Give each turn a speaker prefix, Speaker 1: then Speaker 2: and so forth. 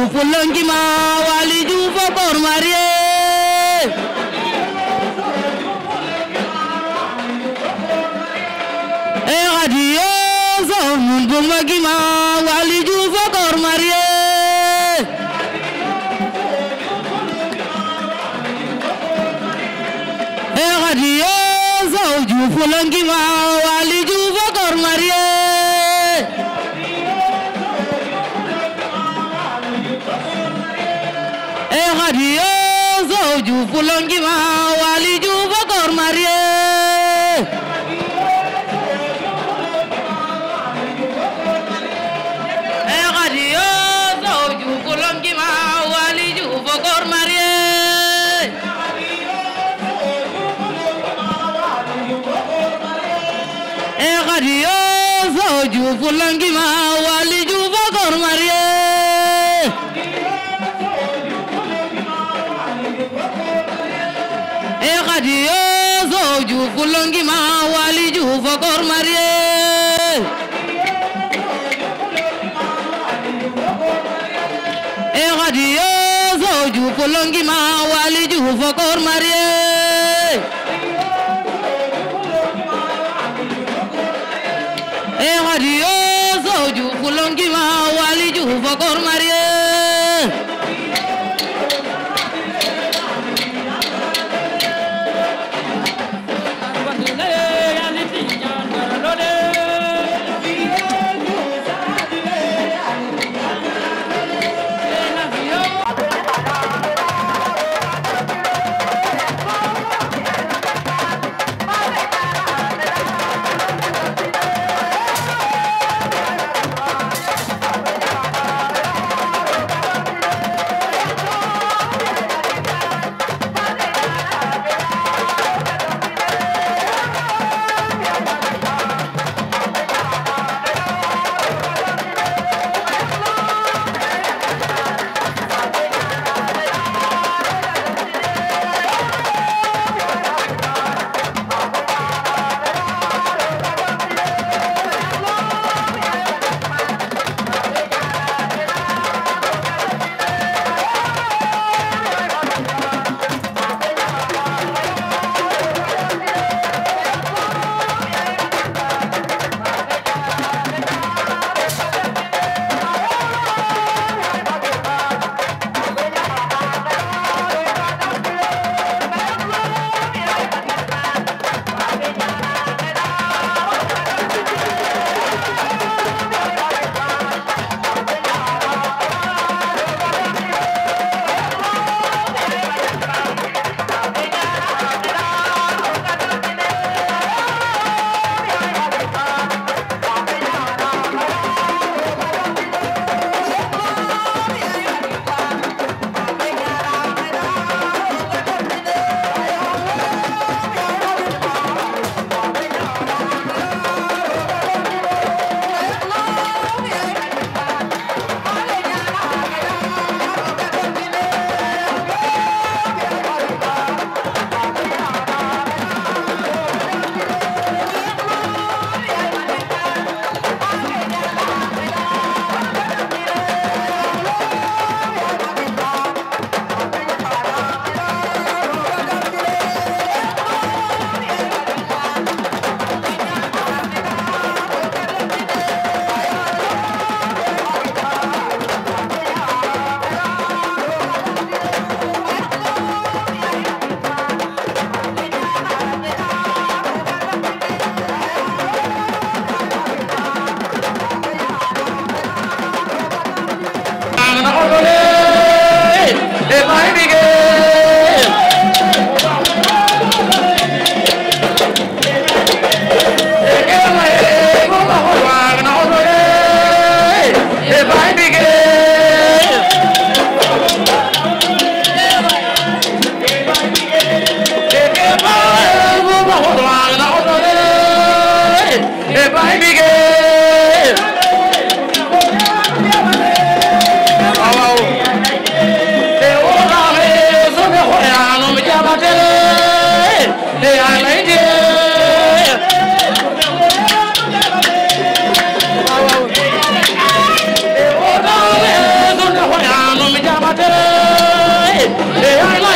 Speaker 1: Ibou Koulonkima Waly Diouf encore marié e radio so mun bongakima Waly Diouf encore marié e radio so Diouf Koulonkima Mario Sow Diouf Boulon Guima Waly Diouf Bakor Marie Mario Sow Diouf Boulon Guima Waly pour marier e gadiyo soju polongi fokor marier e gadiyo soju polongi ma wali fokor marier e Hey, I